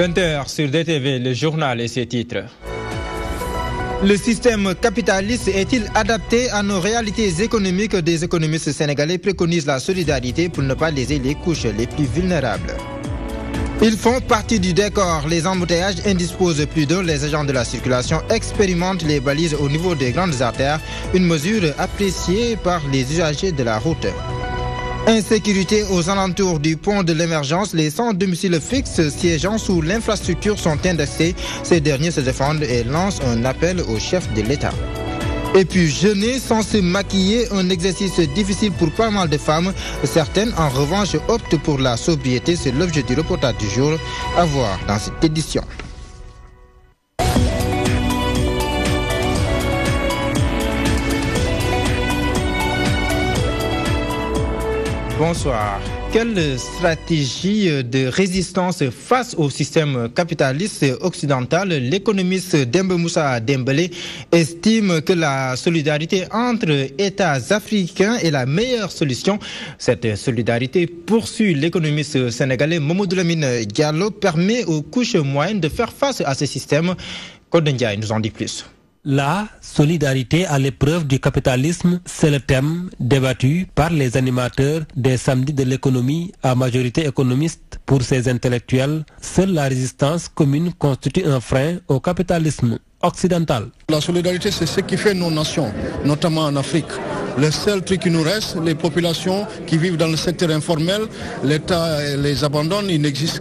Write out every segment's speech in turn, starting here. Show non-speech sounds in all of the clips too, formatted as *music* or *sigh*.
20h sur DTV, le journal et ses titres. Le système capitaliste est-il adapté à nos réalités économiques Des économistes sénégalais préconisent la solidarité pour ne pas léser les couches les plus vulnérables. Ils font partie du décor. Les embouteillages indisposent plus d'eux. Les agents de la circulation expérimentent les balises au niveau des grandes artères, une mesure appréciée par les usagers de la route. Insécurité aux alentours du pont de l'émergence, les 100 domiciles fixes siégeant sous l'infrastructure sont indexés. Ces derniers se défendent et lancent un appel au chef de l'État. Et puis jeûner sans se maquiller, un exercice difficile pour pas mal de femmes. Certaines, en revanche, optent pour la sobriété. C'est l'objet du reportage du jour à voir dans cette édition. bonsoir. Quelle stratégie de résistance face au système capitaliste occidental L'économiste Dembe Moussa Dembélé estime que la solidarité entre États africains est la meilleure solution. Cette solidarité poursuit l'économiste sénégalais Momodou Lamine Diallo permet aux couches moyennes de faire face à ce système. Code nous en dit plus. La solidarité à l'épreuve du capitalisme, c'est le thème débattu par les animateurs des samedis de l'économie à majorité économiste. Pour ces intellectuels, seule la résistance commune constitue un frein au capitalisme. La solidarité, c'est ce qui fait nos nations, notamment en Afrique. Le seul truc qui nous reste, les populations qui vivent dans le secteur informel, l'État les abandonne, ils n'existent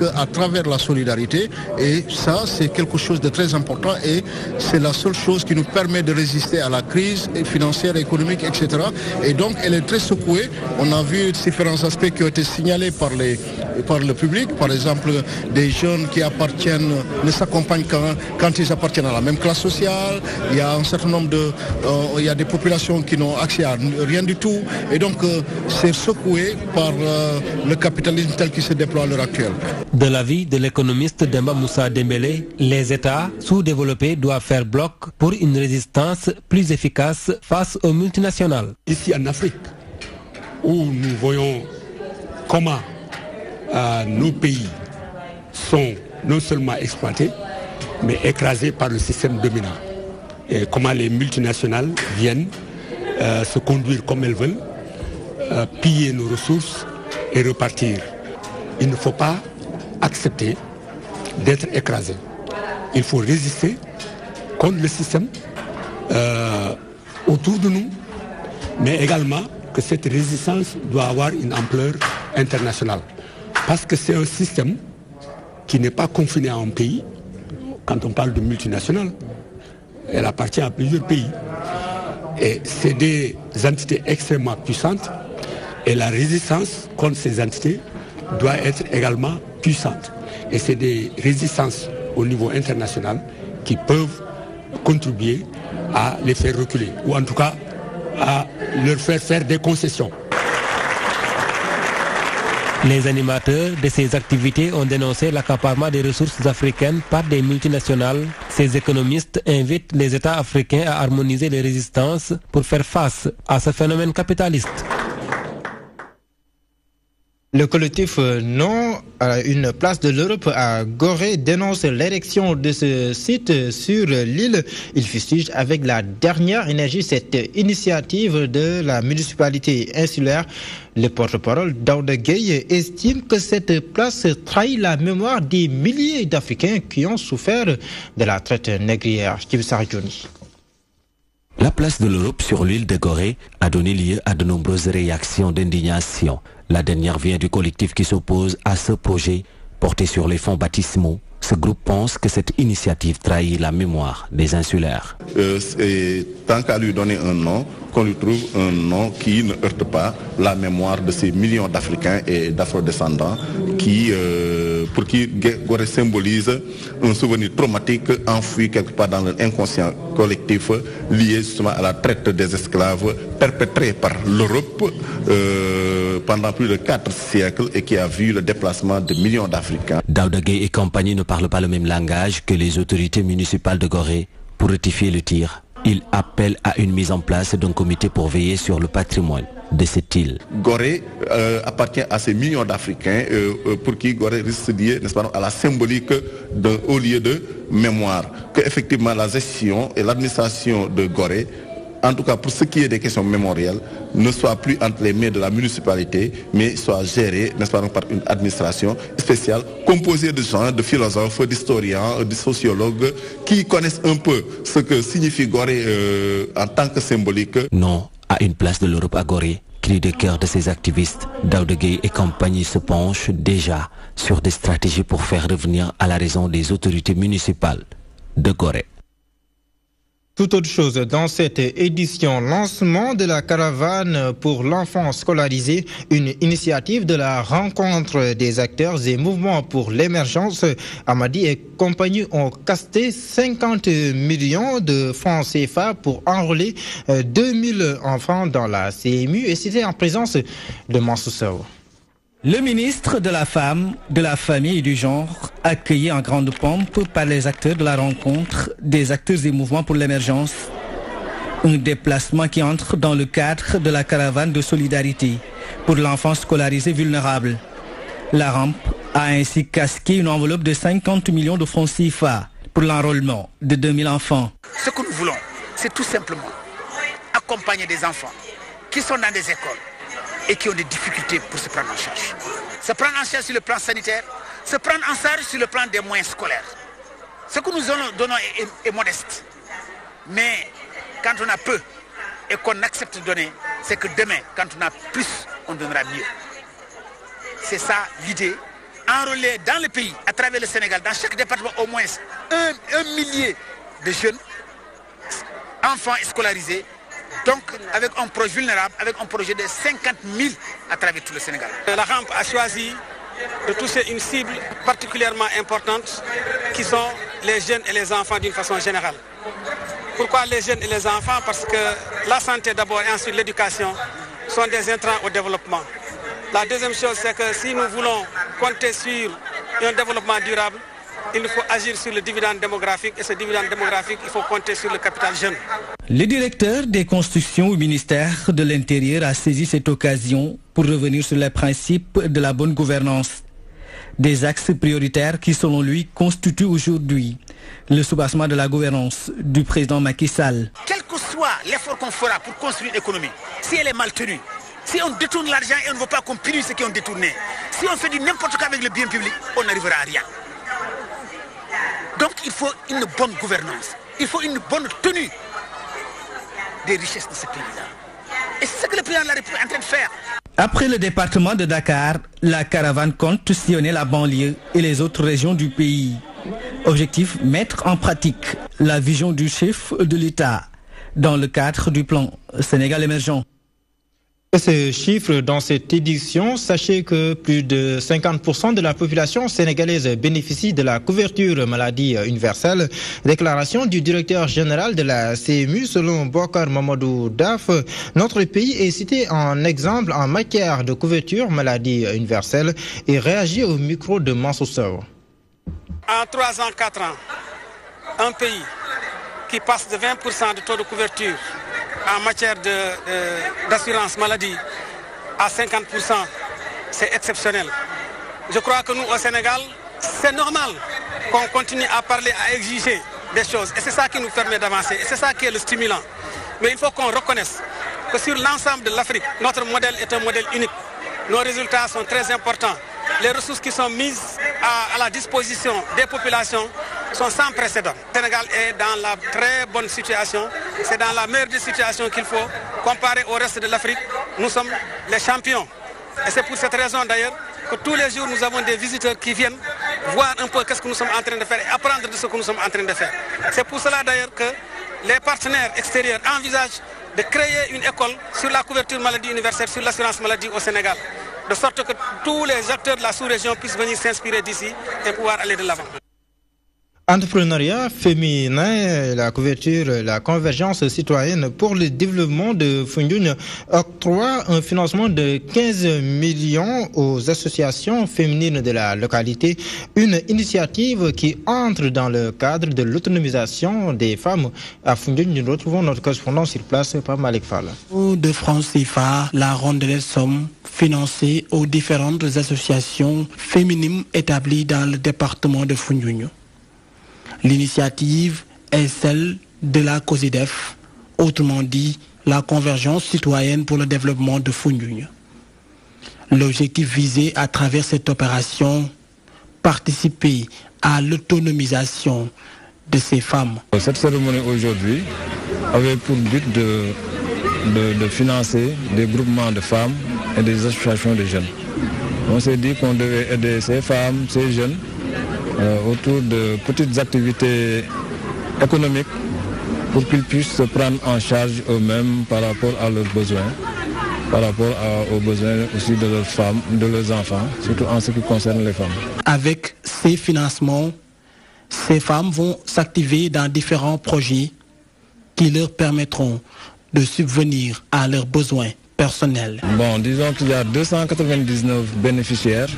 qu'à travers la solidarité. Et ça, c'est quelque chose de très important et c'est la seule chose qui nous permet de résister à la crise financière, économique, etc. Et donc, elle est très secouée. On a vu différents aspects qui ont été signalés par, les, par le public. Par exemple, des jeunes qui appartiennent, ne s'accompagnent quand, quand appartiennent à la même classe sociale, il y a un certain nombre de... Euh, il y a des populations qui n'ont accès à rien du tout. Et donc, euh, c'est secoué par euh, le capitalisme tel qu'il se déploie à l'heure actuelle. De l'avis de l'économiste Demba Moussa Dembélé, les États sous-développés doivent faire bloc pour une résistance plus efficace face aux multinationales. Ici en Afrique, où nous voyons comment nos pays sont non seulement exploités, mais écrasé par le système dominant. Et comment les multinationales viennent euh, se conduire comme elles veulent, euh, piller nos ressources et repartir. Il ne faut pas accepter d'être écrasé. Il faut résister contre le système euh, autour de nous, mais également que cette résistance doit avoir une ampleur internationale. Parce que c'est un système qui n'est pas confiné à un pays, quand on parle de multinationales, elle appartient à plusieurs pays. Et c'est des entités extrêmement puissantes et la résistance contre ces entités doit être également puissante. Et c'est des résistances au niveau international qui peuvent contribuer à les faire reculer, ou en tout cas à leur faire faire des concessions. Les animateurs de ces activités ont dénoncé l'accaparement des ressources africaines par des multinationales. Ces économistes invitent les États africains à harmoniser les résistances pour faire face à ce phénomène capitaliste. Le collectif euh, Non à une place de l'Europe à Gorée dénonce l'érection de ce site sur l'île. Il fustige avec la dernière énergie cette initiative de la municipalité insulaire. Le porte-parole d'Aude Gueye estime que cette place trahit la mémoire des milliers d'Africains qui ont souffert de la traite négrière. La place de l'Europe sur l'île de Gorée a donné lieu à de nombreuses réactions d'indignation. La dernière vient du collectif qui s'oppose à ce projet porté sur les fonds baptismaux ce groupe pense que cette initiative trahit la mémoire des insulaires. Euh, tant qu'à lui donner un nom, qu'on lui trouve un nom qui ne heurte pas la mémoire de ces millions d'Africains et d'Afro-descendants qui, euh, pour qui Gore symbolise un souvenir traumatique enfoui quelque part dans l'inconscient collectif lié justement à la traite des esclaves perpétrée par l'Europe euh, pendant plus de quatre siècles et qui a vu le déplacement de millions d'Africains. et compagnie ne parle pas le même langage que les autorités municipales de Gorée pour rectifier le tir. Il appelle à une mise en place d'un comité pour veiller sur le patrimoine de cette île. Gorée euh, appartient à ces millions d'Africains euh, euh, pour qui Gorée risque se lier à la symbolique d'un haut lieu de mémoire. Que effectivement la gestion et l'administration de Gorée en tout cas pour ce qui est des questions mémorielles, ne soit plus entre les mains de la municipalité, mais soit géré, nest par une administration spéciale composée de gens, de philosophes, d'historiens, de sociologues, qui connaissent un peu ce que signifie Gorée euh, en tant que symbolique. Non à une place de l'Europe à Gorée. Cri de cœur de ces activistes, Gay et compagnie se penchent déjà sur des stratégies pour faire revenir à la raison des autorités municipales de Gorée. Tout autre chose dans cette édition, lancement de la caravane pour l'enfant scolarisé, une initiative de la rencontre des acteurs et mouvements pour l'émergence. Amadi et compagnie ont casté 50 millions de francs CFA pour enrôler 2000 euh, enfants dans la CMU et c'était en présence de Mansoussao. Le ministre de la Femme, de la Famille et du Genre, accueilli en grande pompe par les acteurs de la rencontre des acteurs des mouvements pour l'émergence, un déplacement qui entre dans le cadre de la caravane de solidarité pour l'enfant scolarisé vulnérable. La rampe a ainsi casqué une enveloppe de 50 millions de francs CFA pour l'enrôlement de 2000 enfants. Ce que nous voulons, c'est tout simplement accompagner des enfants qui sont dans des écoles et qui ont des difficultés pour se prendre en charge. Se prendre en charge sur le plan sanitaire, se prendre en charge sur le plan des moyens scolaires. Ce que nous donnons est, modeste. Mais quand on a peu et qu'on accepte de donner, c'est que demain, quand on a plus, on donnera mieux. C'est ça l'idée. Enrôler dans le pays, à travers le Sénégal, dans chaque département au moins un, un millier de jeunes, enfants scolarisés, donc, avec un projet vulnérable, avec un projet de 50 000 à travers tout le Sénégal. La rampe a choisi de toucher une cible particulièrement importante qui sont les jeunes et les enfants d'une façon générale. Pourquoi les jeunes et les enfants Parce que la santé d'abord et ensuite l'éducation sont des intrants au développement. La deuxième chose, c'est que si nous voulons compter sur un développement durable, il faut agir sur le dividende démographique et ce dividende démographique, il faut compter sur le capital jeune. Le directeur des constructions au ministère de l'Intérieur a saisi cette occasion pour revenir sur les principes de la bonne gouvernance. Des axes prioritaires qui, selon lui, constituent aujourd'hui le soubassement de la gouvernance du président Macky Sall. Quel que soit l'effort qu'on fera pour construire l'économie, si elle est mal tenue, si on détourne l'argent et on ne veut pas qu'on punisse ce qui ont détourné, si on fait du n'importe quoi avec le bien public, on n'arrivera à rien. Donc il faut une bonne gouvernance, il faut une bonne tenue des richesses de ce pays-là. Et c'est ce que le président de la République est en train de faire. Après le département de Dakar, la caravane compte sillonner la banlieue et les autres régions du pays. Objectif, mettre en pratique la vision du chef de l'État dans le cadre du plan Sénégal émergent. Ces chiffres dans cette édition, sachez que plus de 50% de la population sénégalaise bénéficie de la couverture maladie universelle. Déclaration du directeur général de la CMU selon Bokar Mamadou Daf. Notre pays est cité en exemple en matière de couverture maladie universelle et réagit au micro de Mansour. En 3 ans, 4 ans, un pays qui passe de 20% de taux de couverture en matière d'assurance maladie à 50%, c'est exceptionnel. Je crois que nous, au Sénégal, c'est normal qu'on continue à parler, à exiger des choses. Et c'est ça qui nous permet d'avancer. Et c'est ça qui est le stimulant. Mais il faut qu'on reconnaisse que sur l'ensemble de l'Afrique, notre modèle est un modèle unique. Nos résultats sont très importants les ressources qui sont mises à, la disposition des populations sont sans précédent. Le Sénégal est dans la très bonne situation. C'est dans la meilleure des situations qu'il faut. comparer au reste de l'Afrique, nous sommes les champions. Et c'est pour cette raison d'ailleurs que tous les jours nous avons des visiteurs qui viennent voir un peu ce que nous sommes en train de faire et apprendre de ce que nous sommes en train de faire. C'est pour cela d'ailleurs que les partenaires extérieurs envisagent de créer une école sur la couverture maladie universelle, sur l'assurance maladie au Sénégal de sorte que tous les acteurs de la sous-région puissent venir s'inspirer d'ici et pouvoir aller de l'avant. Entrepreneuriat féminin, la couverture, la convergence citoyenne pour le développement de Fundune octroie un financement de 15 millions aux associations féminines de la localité, une initiative qui entre dans le cadre de l'autonomisation des femmes. À Fundune, nous retrouvons notre correspondant sur place, par Malik Fall. De France CFA, la ronde des sommes financées aux différentes associations féminines établies dans le département de Fundune. L'initiative est celle de la COSIDEF, autrement dit la Convergence citoyenne pour le développement de Founyoun. L'objectif visé à travers cette opération, participer à l'autonomisation de ces femmes. Cette cérémonie aujourd'hui avait pour but de, de, financer des groupements de femmes et des associations de jeunes. On s'est dit qu'on devait aider ces femmes, ces jeunes, euh, autour de petites activités économiques pour qu'ils puissent se prendre en charge eux-mêmes par rapport à leurs besoins, par rapport aux besoins aussi de leurs femmes, de leurs enfants, surtout en ce qui concerne les femmes. Avec ces financements, ces femmes vont s'activer dans différents projets qui leur permettront de subvenir à leurs besoins personnels. Bon, disons qu'il y a 299 bénéficiaires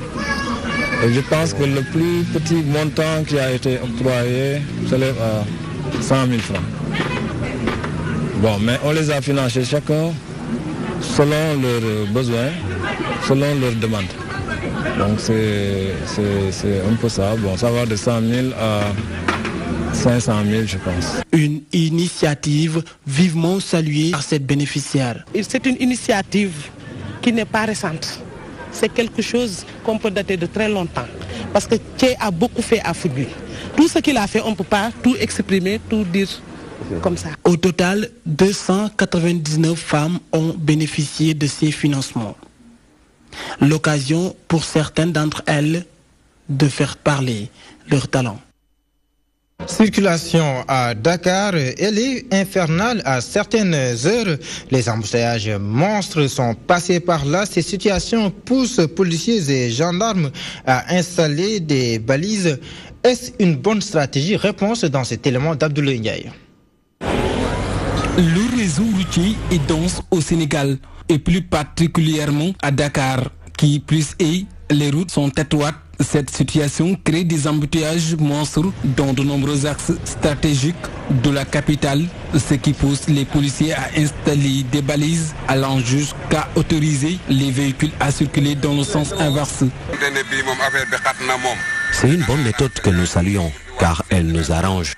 euh, je pense que le plus petit montant qui a été octroyé s'élève à 100 000 francs. Bon, mais on les a financés chacun selon leurs euh, besoins, selon leurs demandes. Donc c'est un peu ça. Bon, ça va de 100 000 à 500 000, je pense. Une initiative vivement saluée par cette bénéficiaire. C'est une initiative qui n'est pas récente c'est quelque chose qu'on peut dater de très longtemps. Parce que Thier a beaucoup fait à Tout ce qu'il a fait, on ne peut pas tout exprimer, tout dire comme ça. Au total, 299 femmes ont bénéficié de ces financements. L'occasion pour certaines d'entre elles de faire parler leur talent. Circulation à Dakar, elle est infernale à certaines heures. Les embouteillages monstres sont passés par là. Ces situations poussent policiers et gendarmes à installer des balises. Est-ce une bonne stratégie Réponse dans cet élément d'Abdoulaye Ndiaye. Le réseau routier est dense au Sénégal et plus particulièrement à Dakar, qui plus est, les routes sont étroites cette situation crée des embouteillages monstres dans de nombreux axes stratégiques de la capitale, ce qui pousse les policiers à installer des balises allant jusqu'à autoriser les véhicules à circuler dans le sens inverse. C'est une bonne méthode que nous saluons car elle nous arrange.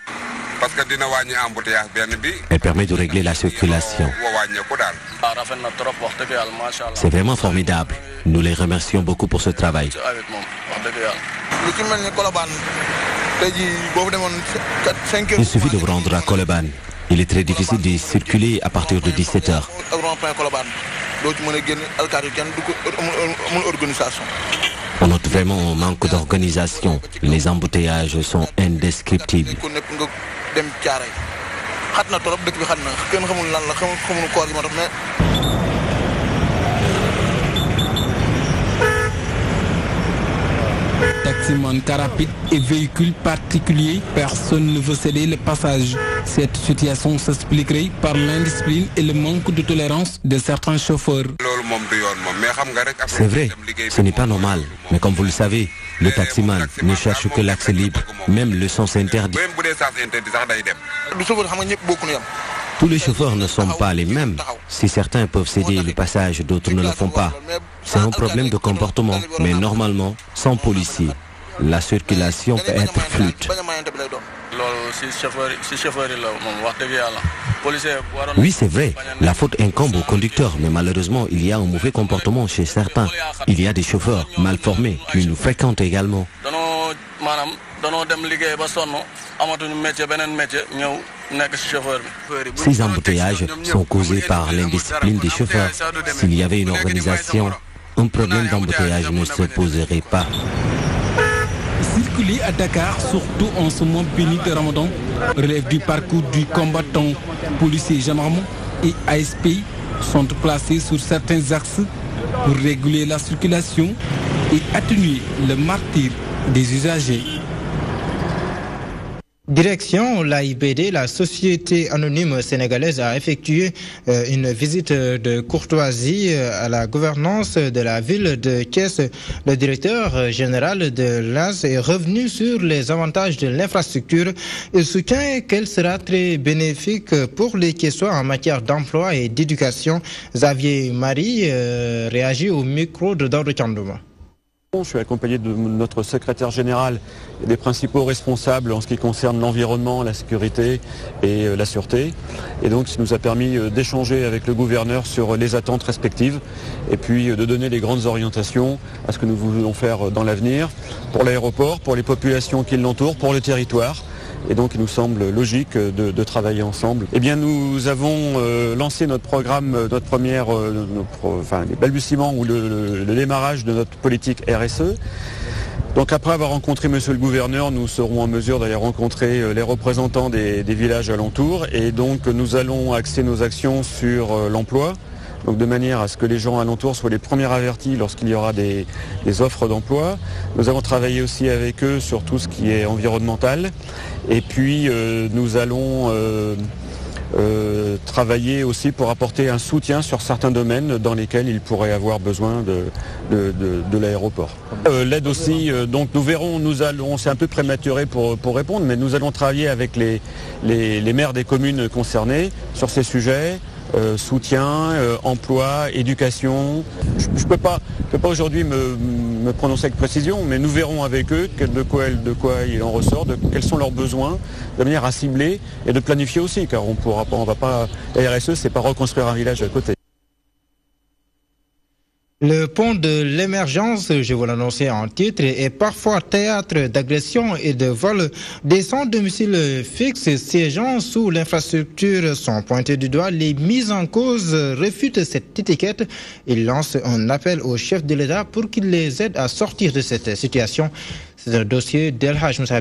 Elle permet de régler la circulation. C'est vraiment formidable. Nous les remercions beaucoup pour ce travail. Il suffit de vous rendre à Koloban. Il est très difficile de circuler à partir de 17h. On note vraiment un manque d'organisation. Les embouteillages sont indescriptibles. dem Thiaroye xat na trop dëkk bi xat na kenn xamul lan la xamul xamul koor gi moo tax Taximan carapide et véhicules particuliers, personne ne veut céder le passage. Cette situation s'expliquerait par l'indiscipline et le manque de tolérance de certains chauffeurs. C'est vrai, ce n'est pas normal. Mais comme vous le savez, le taximan ne cherche que l'accès libre, même le sens interdit. Tous les chauffeurs ne sont pas les mêmes. Si certains peuvent céder le passage, d'autres ne le font pas. C'est un problème de comportement, mais normalement, sans policier, la circulation peut être fluide. Oui, c'est vrai, la faute incombe au conducteur, mais malheureusement, il y a un mauvais comportement chez certains. Il y a des chauffeurs mal formés qui nous fréquentent également. Ces embouteillages sont causés par l'indiscipline des chauffeurs. S'il y avait une organisation, un problème d'embouteillage ne se poserait pas. Circuler à Dakar, surtout en ce moment béni de Ramadan, relève du parcours du combattant. Policiers, gendarmes et ASP sont placés sur certains axes pour réguler la circulation et atténuer le martyr des usagers. Direction l'AIBD, la société anonyme sénégalaise a effectué euh, une visite de courtoisie euh, à la gouvernance de la ville de Kies. Le directeur euh, général de l'AS est revenu sur les avantages de l'infrastructure. Il soutient qu'elle sera très bénéfique pour les Thiessois en matière d'emploi et d'éducation. Xavier Marie réagit au micro de le Chandoma. Je suis accompagné de notre secrétaire général et des principaux responsables en ce qui concerne l'environnement, la sécurité et euh, la sûreté. Et donc, ça nous a permis euh, d'échanger avec le gouverneur sur euh, les attentes respectives et puis de donner les grandes orientations à ce que nous voulons faire dans l'avenir pour l'aéroport, pour les populations qui l'entourent, pour le territoire et donc il nous semble logique de, travailler ensemble. Eh bien, nous avons euh, lancé notre programme, euh, notre première, euh, enfin, les balbutiements ou le, démarrage de notre politique RSE. Donc après avoir rencontré Monsieur le Gouverneur, nous serons en mesure d'aller rencontrer les représentants des, villages alentours et donc nous allons axer nos actions sur l'emploi. Donc de manière à ce que les gens alentours soient les premiers avertis lorsqu'il y aura des, des offres d'emploi. Nous avons travaillé aussi avec eux sur tout ce qui est environnemental. Et puis euh, nous allons euh, euh, travailler aussi pour apporter un soutien sur certains domaines dans lesquels il pourrait avoir besoin de, l'aéroport. L'aide aussi, donc nous verrons, nous allons, c'est un peu prématuré pour, répondre, mais nous allons travailler avec les maires des communes concernées sur ces sujets. Euh, soutien, euh, emploi, éducation. Je ne peux pas, pas aujourd'hui me, prononcer avec précision, mais nous verrons avec eux de quoi, de quoi il en ressort, de quels sont leurs besoins, de manière à cibler et de planifier aussi, car on pourra pas, on va pas, la RSE, c'est pas reconstruire un village à côté. Le pont de l'émergence, je vous l'annonçais en titre, est parfois théâtre d'agressions et de vols. Des de missiles fixes siégeant sous l'infrastructure sont pointés du doigt. Les mises en cause réfutent cette étiquette. Ils lancent un appel au chef de l'État pour qu'il les aide à sortir de cette situation. C'est un dossier d'El Haj Moussa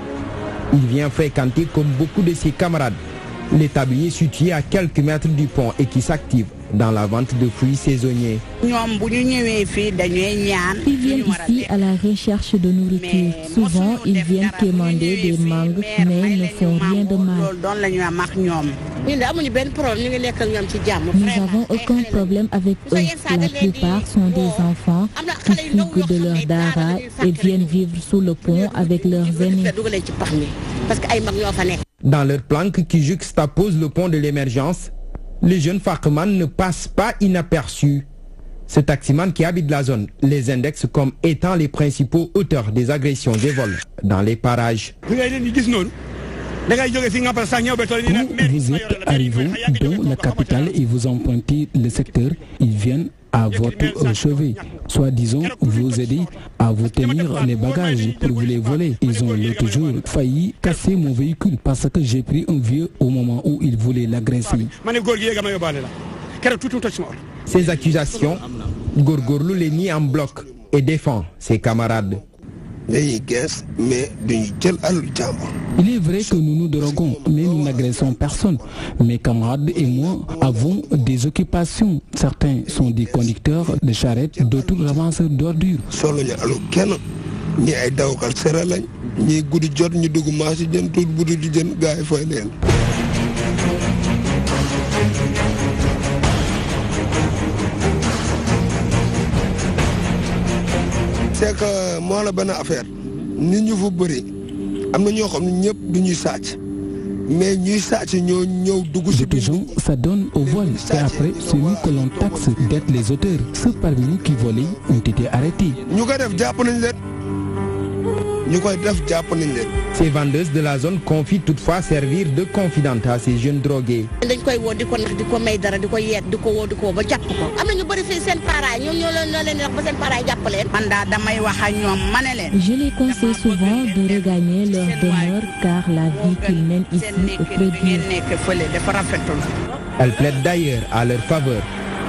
Il vient fréquenter comme beaucoup de ses camarades L'établi situé à quelques mètres du pont et qui s'active dans la vente de fruits saisonniers. Ils viennent ici à la recherche de nourriture. Souvent, ils viennent commander des mangues, mais ils ne font rien de mal. Nous n'avons aucun problème avec eux. La plupart sont des enfants qui fuient de leur dara et viennent vivre sous le pont avec leurs aînés. Dans leur planque qui juxtapose le pont de l'émergence, les jeunes Fakman ne passent pas inaperçus. Ce taximan qui habite la zone les indexe comme étant les principaux auteurs des agressions des vols dans les parages. Quand vous êtes arrivé dans la capitale et vous empruntez le secteur, ils viennent à votre chevet. Soi-disant, vous aider à vous tenir les bagages pour vous les voler. Ils ont toujours failli casser mon véhicule parce que j'ai pris un vieux au moment où ils voulaient l'agresser. Ces accusations, Gorgorlou les nie en bloc et défend ses camarades. Il est vrai que nous nous droguons, mais nous n'agressons personne. Mes camarades et moi avons des occupations. Certains sont des conducteurs de charrettes, de toute d'ordures. c'est que moi la bonne affaire ni ñu fu bëri am na ñoo xam ne ñëpp du sàcc mais ñuy sàcc ñoo ñëw dugg si. toujours ça donne au vol et après celui que l'on taxe d'être les auteurs ceux parmi nous qui volaient ont été arrêtés. ñu ko def jàpp nañ leen. Ces vendeuses de la zone confient toutefois servir de confidente à ces jeunes drogués. Je les conseille souvent de regagner leur demeure car la vie qu'ils mènent ici est très Elle Elles plaident d'ailleurs à leur faveur.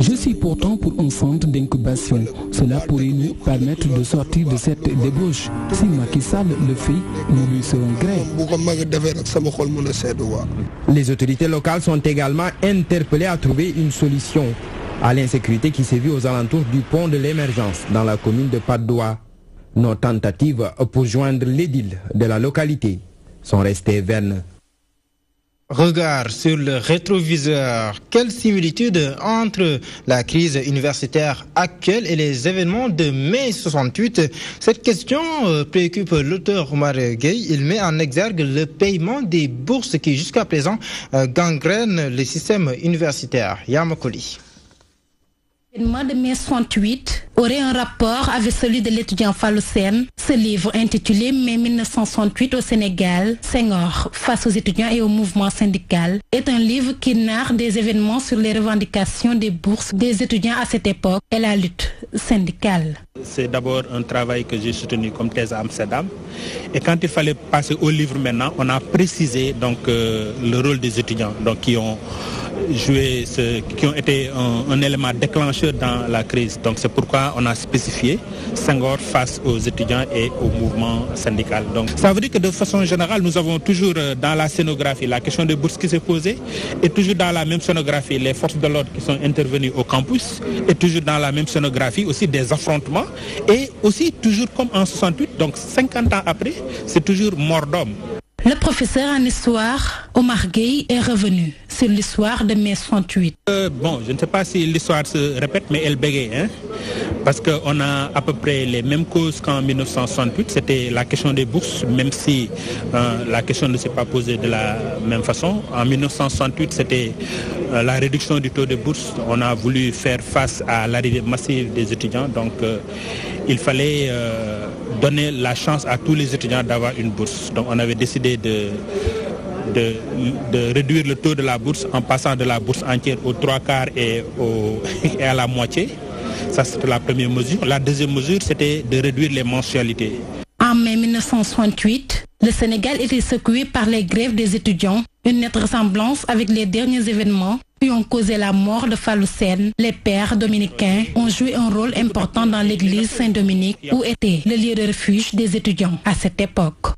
Je suis pourtant pour un centre d'incubation. Cela pourrait nous permettre de sortir de cette débauche. Si Makissal le fait, nous lui serons gré. Les autorités locales sont également interpellées à trouver une solution à l'insécurité qui sévit aux alentours du pont de l'émergence dans la commune de Padoua. Nos tentatives pour joindre l'édile de la localité sont restées vaines. Regard sur le rétroviseur. Quelle similitude entre la crise universitaire actuelle et les événements de mai 68 Cette question euh, préoccupe l'auteur Omar Gueye. Il met en exergue le paiement des bourses qui jusqu'à présent euh, gangrènent le système universitaire. Yamakoli de mai 68 aurait un rapport avec celui de l'étudiant Fallocène. Ce livre intitulé Mai 1968 au Sénégal, Senghor, face aux étudiants et au mouvement syndical, est un livre qui narre des événements sur les revendications des bourses des étudiants à cette époque et la lutte syndicale. C'est d'abord un travail que j'ai soutenu comme thèse à Amsterdam. Et quand il fallait passer au livre maintenant, on a précisé donc, euh, le rôle des étudiants donc, qui ont joué, qui ont été un, élément déclencheur dans la crise. Donc c'est pourquoi on a spécifié Senghor face aux étudiants et au mouvement syndical. Donc ça veut dire que de façon générale, nous avons toujours euh, dans la scénographie la question des bourses qui s'est posée et toujours dans la même scénographie les forces de l'ordre qui sont intervenues au campus et toujours dans la même scénographie aussi des affrontements et aussi, toujours comme en 68, donc 50 ans après, c'est toujours mort d'homme professeur en histoire, Omar Gueye, est revenu C'est l'histoire de mai 68. Euh, bon, je ne sais pas si l'histoire se répète, mais elle bégaye. Hein parce qu'on a à peu près les mêmes causes qu'en 1968. C'était la question des bourses, même si euh, la question ne s'est pas posée de la même façon. En 1968, c'était euh, la réduction du taux de bourse. On a voulu faire face à l'arrivée massive des étudiants. Donc, il fallait donner la chance à tous les étudiants d'avoir une bourse. Donc on avait décidé de, de, réduire le taux de la bourse en passant de la bourse entière aux trois quarts et, *laughs* et à la moitié. Ça, c'était la première mesure. La deuxième mesure, c'était de réduire les mensualités. En mai 1968, le Sénégal était secoué par les grèves des étudiants, une nette ressemblance avec les derniers événements qui ont causé la mort de Faloucène, les pères dominicains ont joué un rôle important dans l'église Saint-Dominique où était le lieu de refuge des étudiants à cette époque.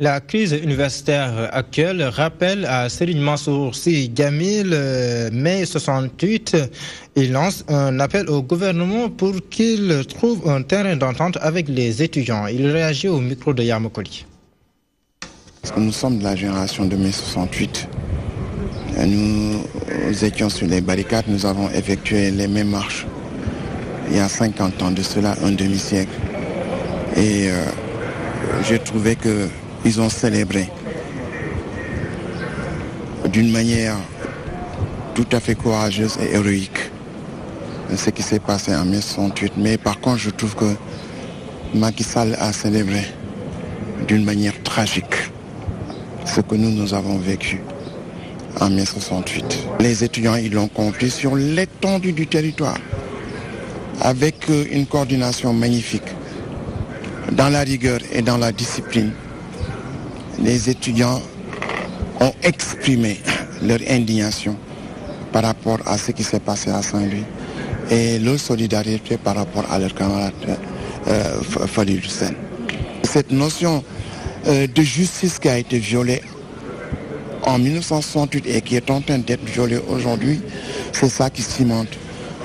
La crise universitaire actuelle rappelle à Céline Mansour Si Gamil, euh, mai 68, il lance un appel au gouvernement pour qu'il trouve un terrain d'entente avec les étudiants. Il réagit au micro de que Nous sommes de la génération de mai 68. Nous étions sur les barricades, nous avons effectué les mêmes marches il y a 50 ans, de cela un demi-siècle. Et euh, j'ai trouvé qu'ils ont célébré d'une manière tout à fait courageuse et héroïque ce qui s'est passé en 1968. Mais par contre, je trouve que Macky Sall a célébré d'une manière tragique ce que nous, nous avons vécu en 1968. Les étudiants, ils l'ont compris sur l'étendue du territoire, avec euh, une coordination magnifique, dans la rigueur et dans la discipline. Les étudiants ont exprimé leur indignation par rapport à ce qui s'est passé à Saint-Louis et leur solidarité par rapport à leur camarade euh, Cette notion euh, de justice qui a été violée en 1968 et qui est en train d'être violée aujourd'hui, c'est ça qui cimente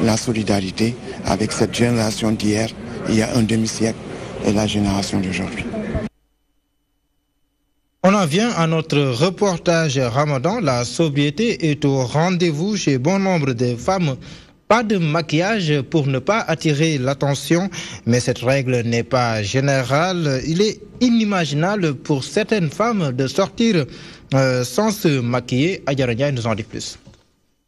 la solidarité avec cette génération d'hier, il y a un demi-siècle, et la génération d'aujourd'hui. On en vient à notre reportage Ramadan. La sobriété est au rendez-vous chez bon nombre de femmes. Pas de maquillage pour ne pas attirer l'attention, mais cette règle n'est pas générale. Il est inimaginable pour certaines femmes de sortir euh, sans se maquiller. Ayaranya nous en dit plus.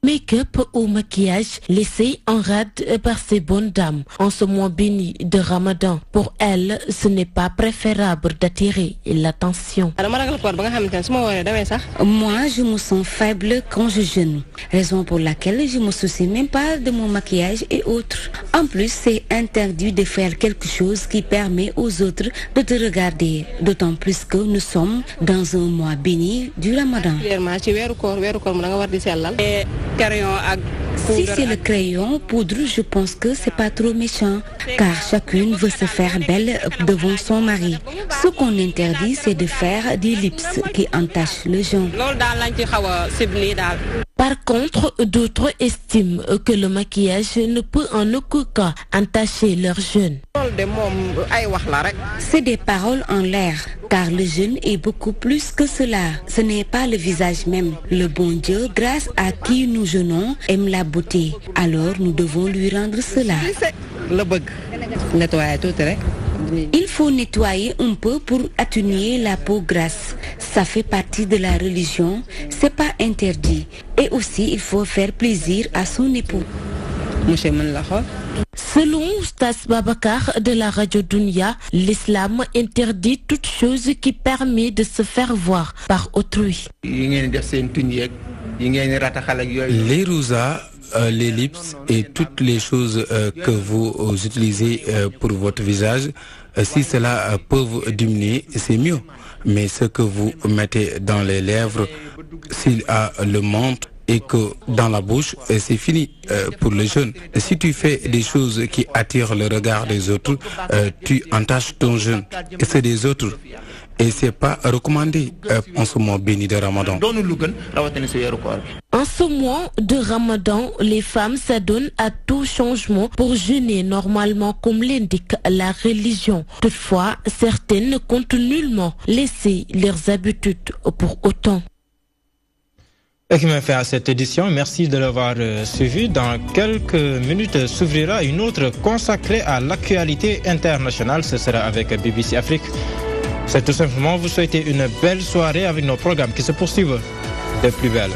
Make-up ou maquillage laissé en rade par ces bonnes dames en ce mois béni de Ramadan. Pour elles, ce n'est pas préférable d'attirer l'attention. Moi, je me sens faible quand je jeûne, raison pour laquelle je me soucie même pas de mon maquillage et autres. En plus, c'est interdit de faire quelque chose qui permet aux autres de te regarder, d'autant plus que nous sommes dans un mois béni du Ramadan si c'est le crayon poudre, je pense que c'est pas trop méchant, car chacune veut se faire belle devant son mari. Ce qu'on interdit, c'est de faire des lips qui entachent le gens. Par contre, d'autres estiment euh, que le maquillage ne peut en aucun cas entacher leur jeûne. C'est des paroles en l'air, car le jeûne est beaucoup plus que cela. Ce n'est pas le visage même. Le bon Dieu, grâce à qui nous jeûnons, aime la beauté. Alors nous devons lui rendre cela. Il faut nettoyer un peu pour atténuer la peau grasse ça fait partie de la religion, c'est pas interdit. Et aussi, il faut faire plaisir à son époux. Selon Stas Babakar de la radio Dunia, l'islam interdit toute chose qui permet de se faire voir par autrui. Les euh, l'ellipse et toutes les choses euh, que vous euh, utilisez pour votre visage, si cela peut vous diminuer, c'est mieux mais ce que vous mettez dans les lèvres, s'il a le monde et que dans la bouche, euh, c'est fini euh, pour le jeunes. Si tu fais des choses qui attirent le regard des autres, euh, tu entaches ton jeune. c'est des autres et c'est pas recommandé euh, en ce mois béni de Ramadan. En ce mois de Ramadan, les femmes s'adonnent à tout changement pour jeûner normalement comme l'indique la religion. Toutefois, certaines ne comptent nullement laisser leurs habitudes pour autant. Et qui m'a fait à cette édition, merci de l'avoir euh, suivi. Dans quelques minutes s'ouvrira une autre consacrée à l'actualité internationale. Ce sera avec BBC Afrique. C'est tout simplement vous souhaiter une belle soirée avec nos programmes qui se poursuivent de plus belle.